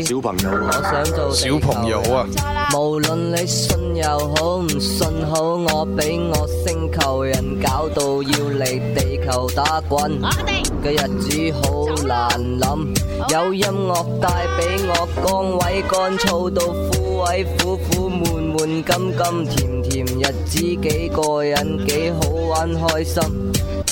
小朋友我想做小朋友啊！無論、啊、你信又好唔信好，我俾我星球人搞到要嚟地球打滾。我、okay. 嘅日子好難諗，okay. 有音樂帶俾我，崗位乾燥到枯萎，苦苦悶悶，甘甘甜甜日子幾過癮，幾好玩開心。